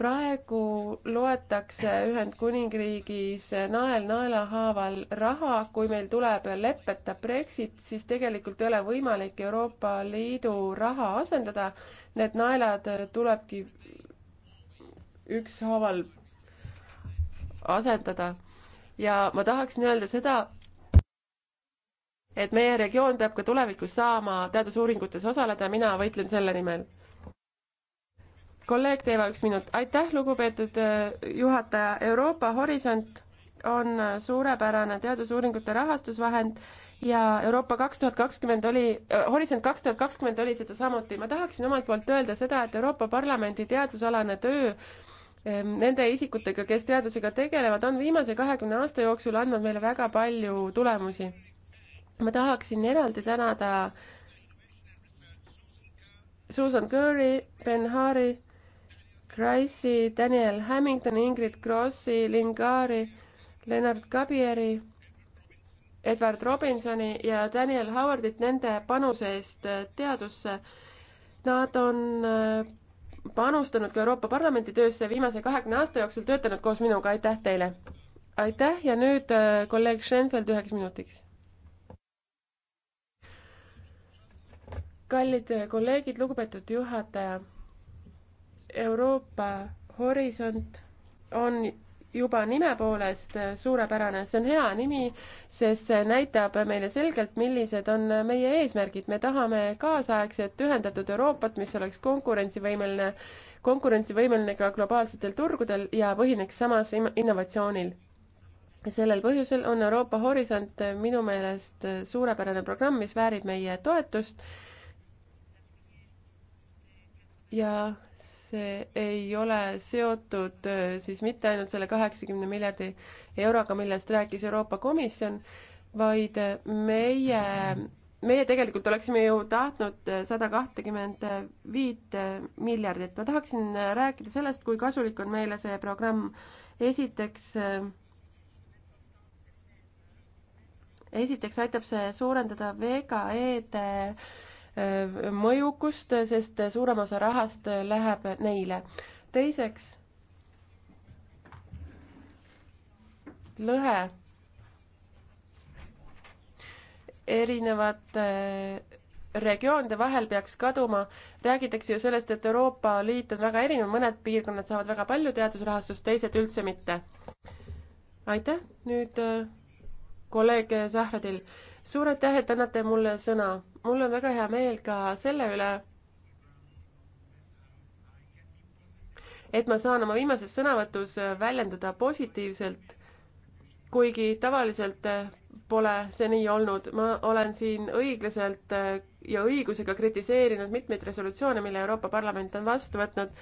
praegu loetakse Ühendkuningriigis nael naela haaval raha, kui meil tuleb leppeta Brexit, siis tegelikult ei ole võimalik Euroopa Liidu raha asendada, need naelad tulebki ükshaaval asendada. ja ma tahaksin öelda seda, et meie regioon peab ka tulevikus saama teadusuuringutes osaleda, mina võitlen selle nimel kolleeg Teeva, üks minut. aitäh, lugupeetud äh, juhataja. Euroopa Horisont on äh, suurepärane teadusuuringute rahastusvahend ja Euroopa kaks tuhat kakskümmend oli, äh, Horisont kaks tuhat kakskümmend oli seda samuti. ma tahaksin omalt poolt öelda seda, et Euroopa Parlamendi teadusalane töö ähm, nende isikutega, kes teadusega tegelevad, on viimase kahekümne aasta jooksul andnud meile väga palju tulemusi. ma tahaksin eraldi tänada Susan Curry, Ben Hari Kreisi, Daniel Hammingtoni, Ingrid Krossi, Lingari, Lennart Gabieri, Edward Robinsoni ja Daniel Howardit nende panuse eest äh, teadusse. Nad on äh, panustanud ka Euroopa Parlamendi töösse viimase kahekümne aasta jooksul, töötanud koos minuga, aitäh teile! aitäh ja nüüd äh, kolleeg Schenfeld üheks minutiks kallid kolleegid, lugupeetud juhataja, Euroopa Horisont on juba nime poolest suurepärane, see on hea nimi, sest see näitab meile selgelt, millised on meie eesmärgid. me tahame kaasaegset ühendatud Euroopat, mis oleks konkurentsivõimeline, konkurentsivõimeline ka globaalsetel turgudel ja põhineks samas innovatsioonil. sellel põhjusel on Euroopa Horisont minu meelest suurepärane programm, mis väärib meie toetust ja see ei ole seotud äh, siis mitte ainult selle kaheksakümne miljardi euroga, millest rääkis Euroopa Komisjon, vaid äh, meie, meie tegelikult oleksime ju tahtnud äh, sada kahtekümmend viit miljardit. ma tahaksin rääkida sellest, kui kasulik on meile see programm. esiteks, esiteks aitab see suurendada VKE-de äh, Äh, mõjukust, sest suurem osa rahast läheb neile. teiseks, lõhe erinevate äh, regioonide vahel peaks kaduma. räägitakse ju sellest, et Euroopa Liit on väga erinev, mõned piirkonnad saavad väga palju teadusrahastust, teised üldse mitte. aitäh, nüüd äh, kolleeg Zahradil suur aitäh, et annate mulle sõna. mul on väga hea meel ka selle üle, et ma saan oma viimases sõnavõtus väljendada positiivselt, kuigi tavaliselt pole see nii olnud. ma olen siin õiglaselt äh, ja õigusega kritiseerinud mitmeid resolutsioone, mille Euroopa Parlament on vastu võtnud,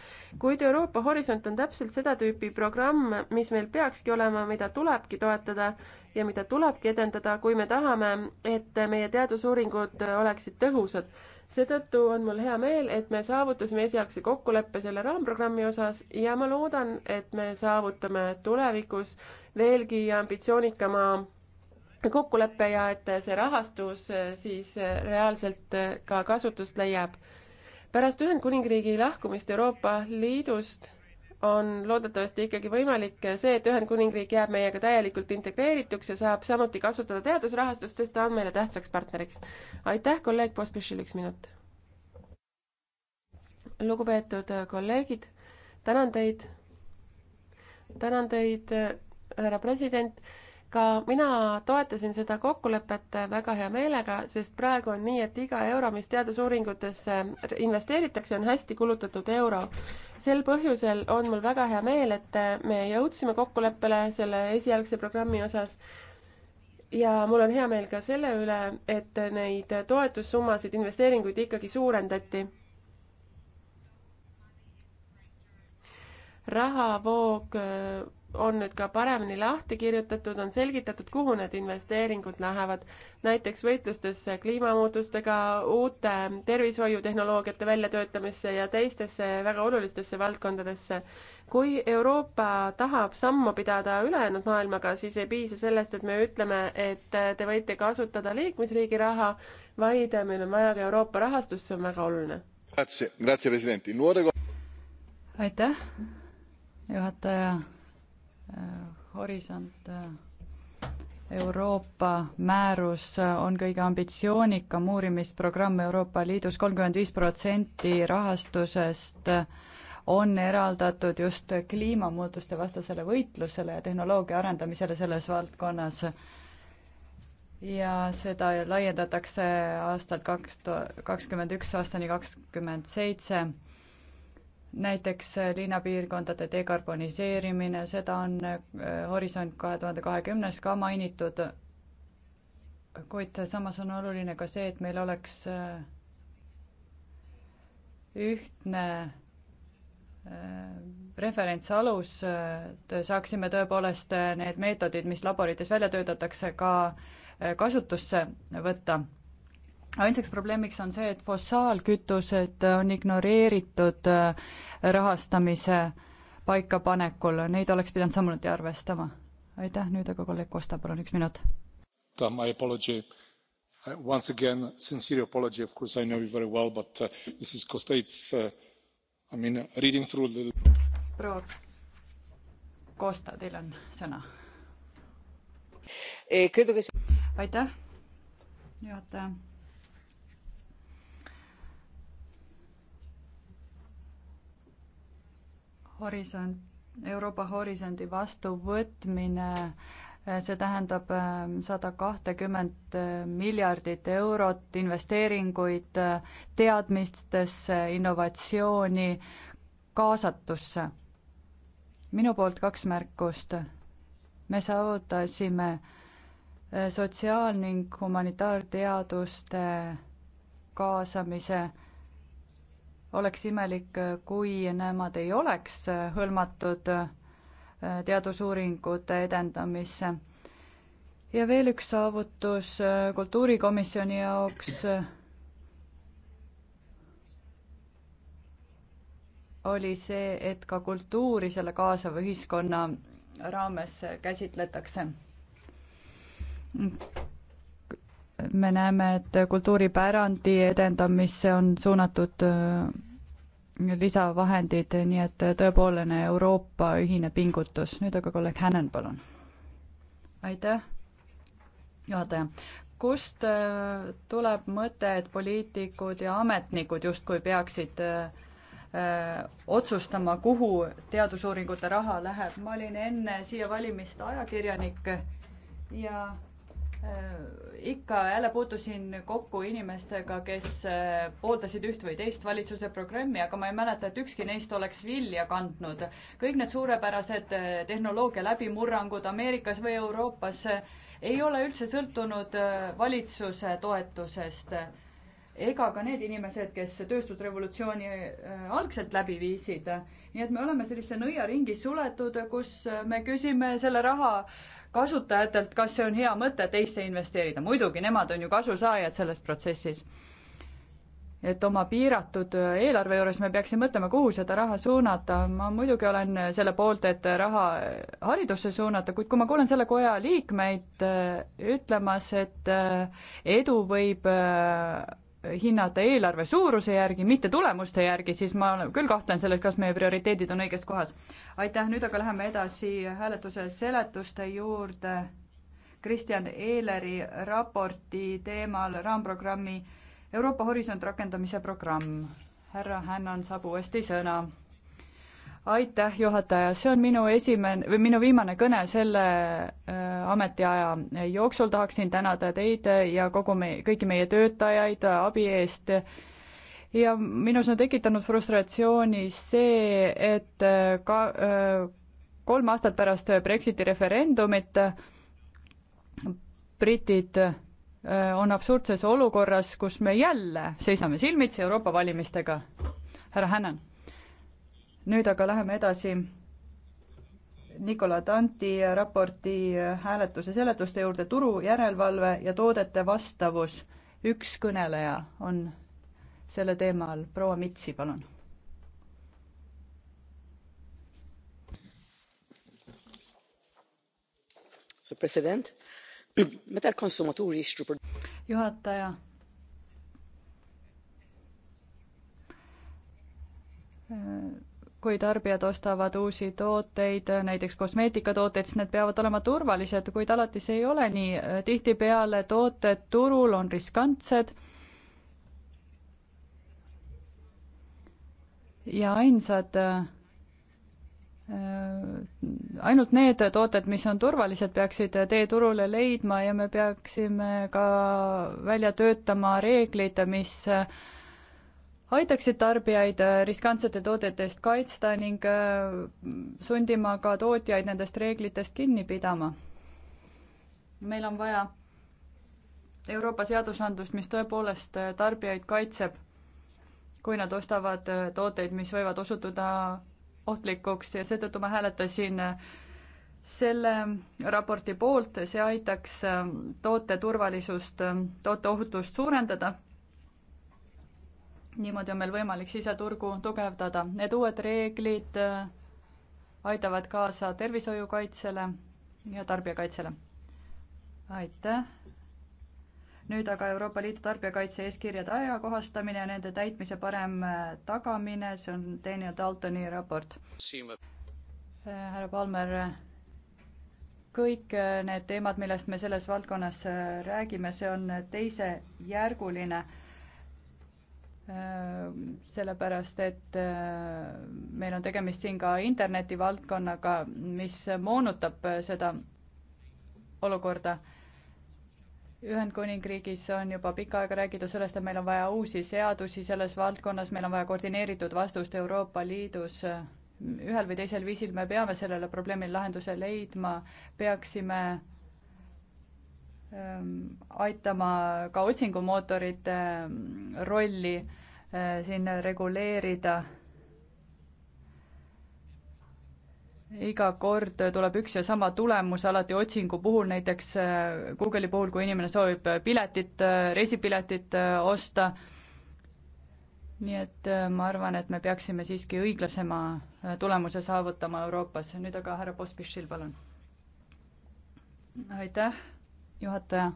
kuid Euroopa Horisont on täpselt seda tüüpi programm, mis meil peakski olema, mida tulebki toetada ja mida tulebki edendada, kui me tahame, et meie teadusuuringud äh, oleksid tõhusad. seetõttu on mul hea meel, et me saavutasime esialgse kokkuleppe selle raamprogrammi osas ja ma loodan, et me saavutame tulevikus veelgi ambitsioonikama kokkulepe ja et see rahastus eh, siis eh, reaalselt eh, ka kasutust leiab. pärast Ühendkuningriigi lahkumist Euroopa Liidust on loodetavasti ikkagi võimalik see, et Ühendkuningriik jääb meiega täielikult integreerituks ja saab samuti kasutada teadusrahastust, sest ta on meile tähtsaks partneriks. aitäh, kolleeg Pospišil, üks minut. lugupeetud kolleegid, tänan teid, tänan teid, härra president ka mina toetasin seda kokkulepet väga hea meelega, sest praegu on nii, et iga euro, mis teadusuuringutesse investeeritakse, on hästi kulutatud euro. sel põhjusel on mul väga hea meel, et me jõudsime kokkuleppele selle esialgse programmi osas ja mul on hea meel ka selle üle, et neid toetussummasid, investeeringuid ikkagi suurendati. rahavoog on nüüd ka paremini lahti kirjutatud, on selgitatud, kuhu need investeeringud lähevad. näiteks võitlustesse kliimamuutustega, uute tervishoiutehnoloogiate väljatöötamisse ja teistesse väga olulistesse valdkondadesse. kui Euroopa tahab sammu pidada ülejäänud maailmaga, siis ei piisa sellest, et me ütleme, et te võite kasutada liikmesriigi raha, vaid meil on vaja ka Euroopa rahastust, see on väga oluline. aitäh, juhataja Äh, horisont äh, Euroopa määrus äh, on kõige ambitsioonikam uurimisprogramm Euroopa Liidus, kolmkümmend viis protsenti rahastusest on eraldatud just kliimamuutuste vastasele võitlusele ja tehnoloogia arendamisele selles valdkonnas. ja seda laiendatakse aastal kaks tuhat kakskümmend üks aastani kakskümmend seitse näiteks äh, linnapiirkondade dekarboniseerimine, seda on äh, Horisont kahe tuhande kahekümnes ka mainitud, kuid samas on oluline ka see, et meil oleks äh, ühtne referentsalus, et saaksime tõepoolest need meetodid, mis laborites välja töötatakse, ka kasutusse võtta ainsaks probleemiks on see, et fossaalkütused on ignoreeritud äh, rahastamise paikapanekul, neid oleks pidanud samuti arvestama. aitäh, nüüd aga kolleeg Kosta, palun üks minut. Uh, my apology. Once again, sincere apology, of course I know you very well, but uh, this is Costa, it's uh, I mean reading through the. proua Kosta, teil on sõna. Eh, aitäh, juhataja horisont, Euroopa Horisondi vastuvõtmine, eh, see tähendab eh, sada kahtekümmet eh, miljardit eurot investeeringuid teadmistesse, innovatsiooni, kaasatusse. minu poolt kaks märkust. me saavutasime sotsiaal- ning humanitaarteaduste kaasamise oleks imelik, kui nemad ei oleks hõlmatud äh, teadusuuringute edendamisse. ja veel üks saavutus äh, kultuurikomisjoni jaoks äh, oli see, et ka kultuuri selle kaasava ühiskonna raames käsitletakse me näeme, et kultuuripärandi edendamisse on suunatud äh, lisavahendid, nii et tõepoolene Euroopa ühine pingutus. nüüd aga kolleeg Hänen, palun. aitäh, juhataja. kust äh, tuleb mõte, et poliitikud ja ametnikud justkui peaksid äh, otsustama, kuhu teadusuuringute raha läheb. ma olin enne siia valimist ajakirjanik ja Äh, ikka jälle puutusin kokku inimestega, kes äh, pooldasid üht või teist valitsuse programmi, aga ma ei mäleta, et ükski neist oleks vilja kandnud. kõik need suurepärased äh, tehnoloogia läbimurrangud Ameerikas või Euroopas ei ole üldse sõltunud valitsuse toetusest ega ka need inimesed, kes tööstusrevolutsiooni algselt läbi viisid. nii et me oleme sellise nõiaringi suletud, kus me küsime selle raha äh, kasutajatelt, kas see on hea mõte teisse investeerida, muidugi nemad on ju kasusaajad selles protsessis. et oma piiratud eelarve juures me peaksime mõtlema, kuhu seda raha suunata, ma muidugi olen selle poolt, et raha haridusse suunata, kuid kui ma kuulen selle koja liikmeid ütlemas, et edu võib hinnata eelarve suuruse järgi, mitte tulemuste järgi, siis ma küll kahtlen selles, kas meie prioriteedid on õiges kohas. aitäh, nüüd aga läheme edasi hääletuse seletuste juurde. Kristjan Eeleri raporti teemal raamprogrammi Euroopa Horisont rakendamise programm. härra Hännan saab uuesti sõna aitäh, juhataja, see on minu esimene või minu viimane kõne selle äh, ametiaja jooksul, tahaksin tänada teid ja kogu me, kõiki meie töötajaid abi eest. ja minus on tekitanud frustratsiooni see, et äh, ka äh, kolm aastat pärast Brexiti referendumit britid äh, on absurdses olukorras, kus me jälle seisame silmitsi Euroopa valimistega. härra Hännan nüüd aga läheme edasi Nikola Tanti raporti hääletuse seletuste juurde turu, järelevalve ja toodete vastavus. üks kõneleja on selle teema all, proua Mitsi, palun. juhataja äh, kui tarbijad ostavad uusi tooteid, näiteks kosmeetikatooteid, siis need peavad olema turvalised, kuid alati see ei ole nii. tihtipeale tooted turul on riskantsed. ja ainsad äh, ainult need tooted, mis on turvalised, peaksid tee turule leidma ja me peaksime ka välja töötama reeglid, mis aitaksid tarbijaid äh, riskantsete toodete eest kaitsta ning äh, sundima ka tootjaid nendest reeglitest kinni pidama. meil on vaja Euroopa seadusandlust, mis tõepoolest äh, tarbijaid kaitseb, kui nad ostavad tooteid, mis võivad osutuda ohtlikuks ja seetõttu ma hääletasin selle raporti poolt, see aitaks toote turvalisust, toote ohutust suurendada niimoodi on meil võimalik siseturgu tugevdada. Need uued reeglid äh, aitavad kaasa tervishoiukaitsele ja tarbijakaitsele. aitäh! nüüd aga Euroopa Liidu tarbijakaitse eeskirjade ajakohastamine ja nende täitmise parem äh, tagamine, see on Daniel Daltoni raport. Äh, härra Palmer, kõik need teemad, millest me selles valdkonnas räägime, see on teisejärguline Äh, sellepärast et äh, meil on tegemist siin ka interneti valdkonnaga, mis moonutab äh, seda olukorda. Ühendkuningriigis on juba pikka aega räägitud sellest, et meil on vaja uusi seadusi selles valdkonnas, meil on vaja koordineeritud vastust Euroopa Liidus. ühel või teisel viisil me peame sellele probleemile lahenduse leidma, peaksime ähm, aitama ka otsingumootorite ähm, rolli Äh, siin reguleerida. iga kord tuleb üks ja sama tulemus alati otsingu puhul, näiteks äh, Google'i puhul, kui inimene soovib piletit, äh, reisipiletit osta. nii et ma arvan, et me peaksime siiski õiglasema tulemuse saavutama Euroopas. nüüd aga härra Pospišil, palun. aitäh, juhataja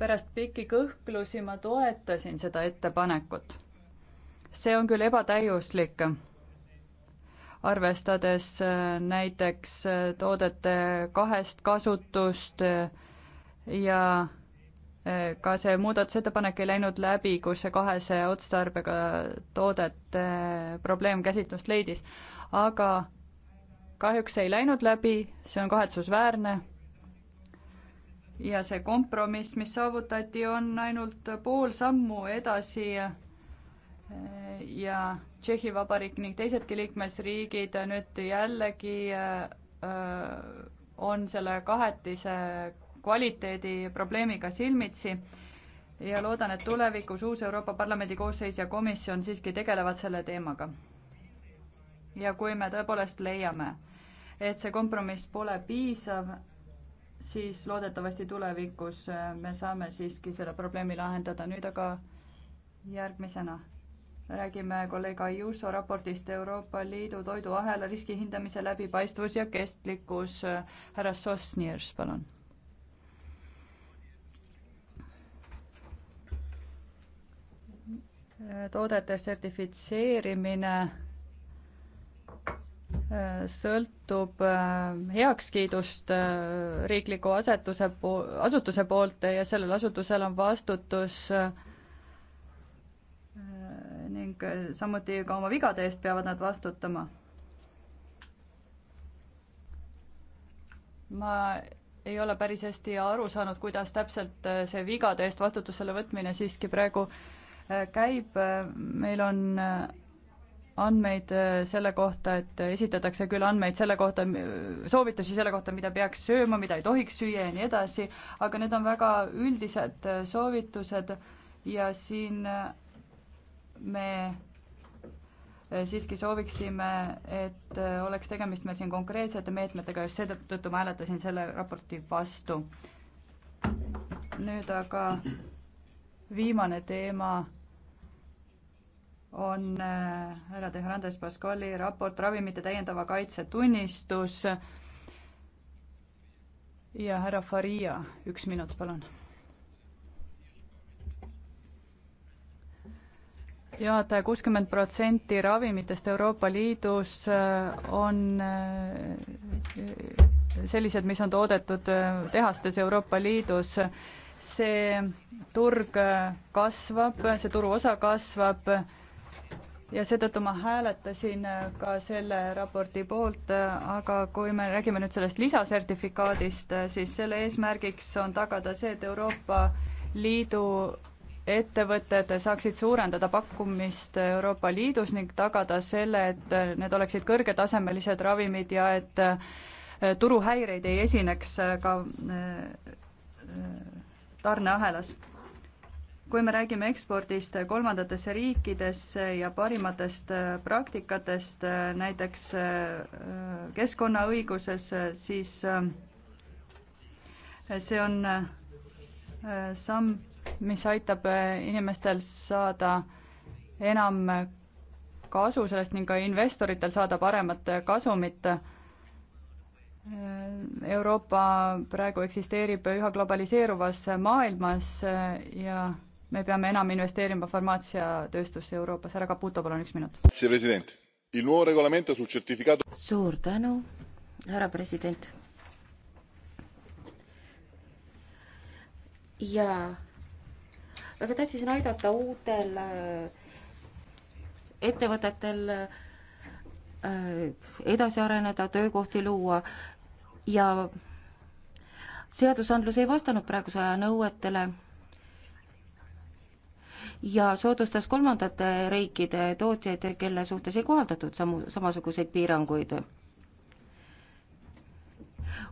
pärast pikki kõhklusi ma toetasin seda ettepanekut. see on küll ebatäiuslik, arvestades äh, näiteks äh, toodete kahest kasutust äh, ja ka see muudatusettepanek ei läinud läbi, kus see kahese otstarbega toodete probleem käsitlust leidis, aga kahjuks ei läinud läbi, see on kahetsusväärne ja see kompromiss, mis saavutati, on ainult pool sammu edasi ja Tšehhi Vabariik ning teisedki liikmesriigid nüüd jällegi äh, on selle kahetise kvaliteedi probleemiga silmitsi ja loodan, et tulevikus uus Euroopa Parlamendi koosseis ja komisjon siiski tegelevad selle teemaga. ja kui me tõepoolest leiame, et see kompromiss pole piisav, siis loodetavasti tulevikus äh, me saame siiski selle probleemi lahendada. nüüd aga järgmisena räägime kolleeg Ayuso raportist Euroopa Liidu toiduahela riski hindamise läbipaistvus ja kestlikkus. härra Sosniers, palun. toodete sertifitseerimine sõltub äh, heakskiidust äh, riikliku asetuse po-, asutuse poolt ja sellel asutusel on vastutus äh, ning samuti ka oma vigade eest peavad nad vastutama. ma ei ole päris hästi aru saanud, kuidas täpselt see vigade eest vastutusele võtmine siiski praegu käib, meil on andmeid äh, selle kohta, et äh, esitatakse küll andmeid selle kohta, soovitusi selle kohta, mida peaks sööma, mida ei tohiks süüa ja nii edasi, aga need on väga üldised äh, soovitused ja siin me siiski sooviksime, et oleks tegemist meil siin konkreetsete meetmetega, just seetõttu ma hääletasin selle raporti vastu. nüüd aga viimane teema on äh, härra De Hernandez Pascali raport Ravimite täiendava kaitse tunnistus. ja härra Faria, üks minut, palun. juhataja, kuuskümmend protsenti ravimitest Euroopa Liidus äh, on äh, sellised, mis on toodetud tehastes Euroopa Liidus see turg kasvab, see turuosa kasvab ja seetõttu ma hääletasin äh, ka selle raporti poolt, äh, aga kui me räägime nüüd sellest lisasertifikaadist, äh, siis selle eesmärgiks on tagada see, et Euroopa Liidu ettevõtted saaksid suurendada pakkumist Euroopa Liidus ning tagada selle, et need oleksid kõrgetasemelised ravimid ja et turuhäireid ei esineks ka tarneahelas kui me räägime ekspordist kolmandatesse riikidesse ja parimatest äh, praktikatest, äh, näiteks äh, keskkonnaõiguses, siis see on samm, mis aitab inimestel saada enam kasu sellest ning ka investoritel saada paremat kasumit Euroopa praegu eksisteerib üha globaliseeruvas maailmas ja me peame enam investeerima farmaatsiatööstusse Euroopas. härra Caputo, palun üks minut. suur tänu, härra president. jaa, väga tähtis on aidata uutel äh, ettevõtetel äh, edasi areneda, töökohti luua ja seadusandlus ei vastanud praeguse aja nõuetele ja soodustas kolmandate riikide tootjaid, kelle suhtes ei kohaldatud samu, samasuguseid piiranguid.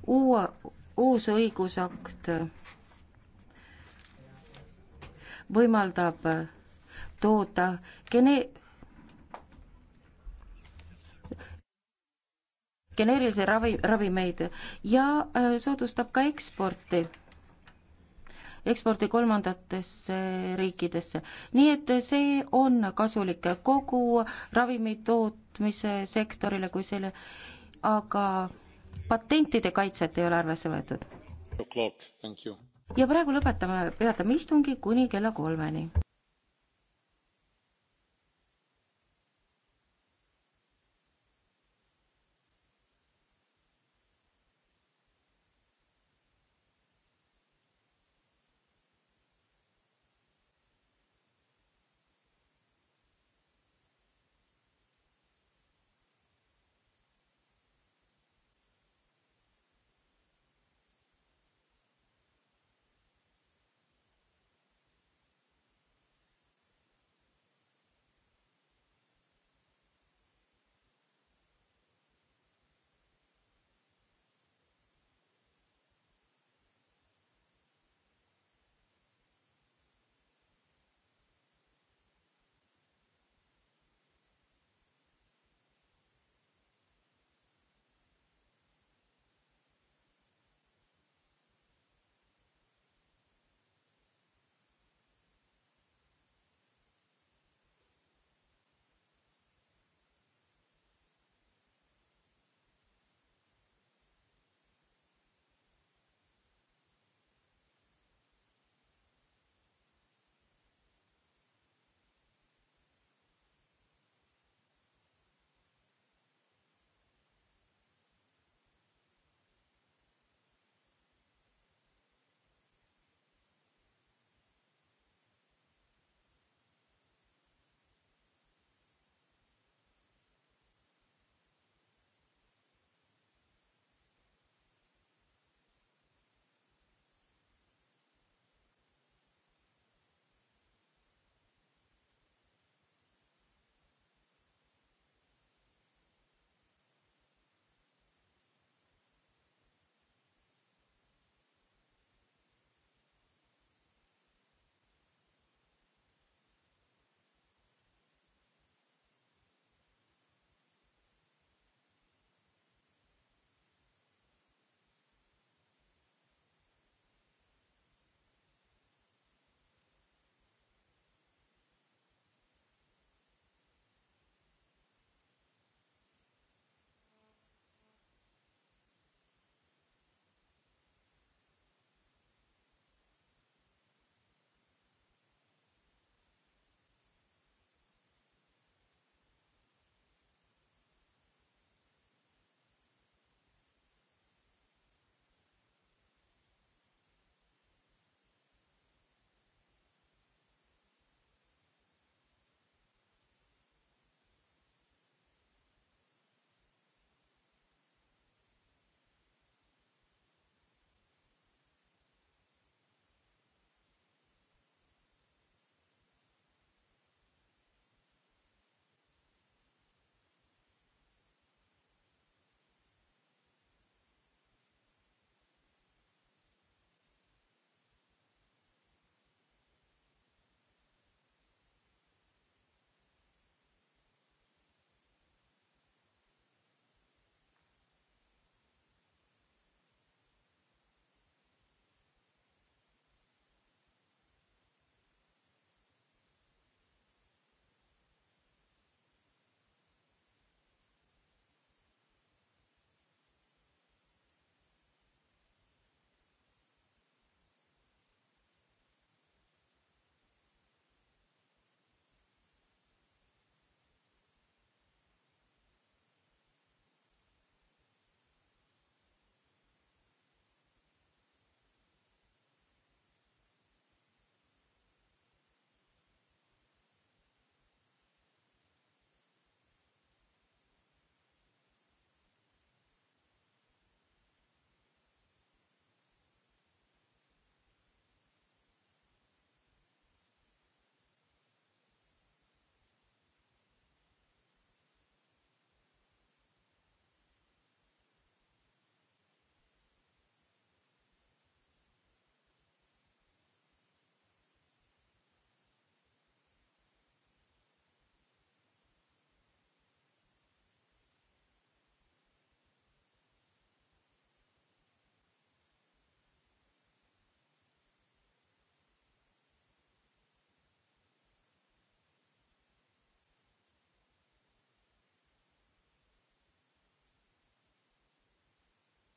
uue, uus õigusakt võimaldab toota gene-, geneerilisi ravi, ravimeid ja äh, soodustab ka eksporti eksporti kolmandatesse riikidesse. nii et see on kasulik kogu ravimitootmise sektorile kui selle, aga patentide kaitset ei ole arvesse võetud. ja praegu lõpetame, peatame istungi kuni kella kolmeni.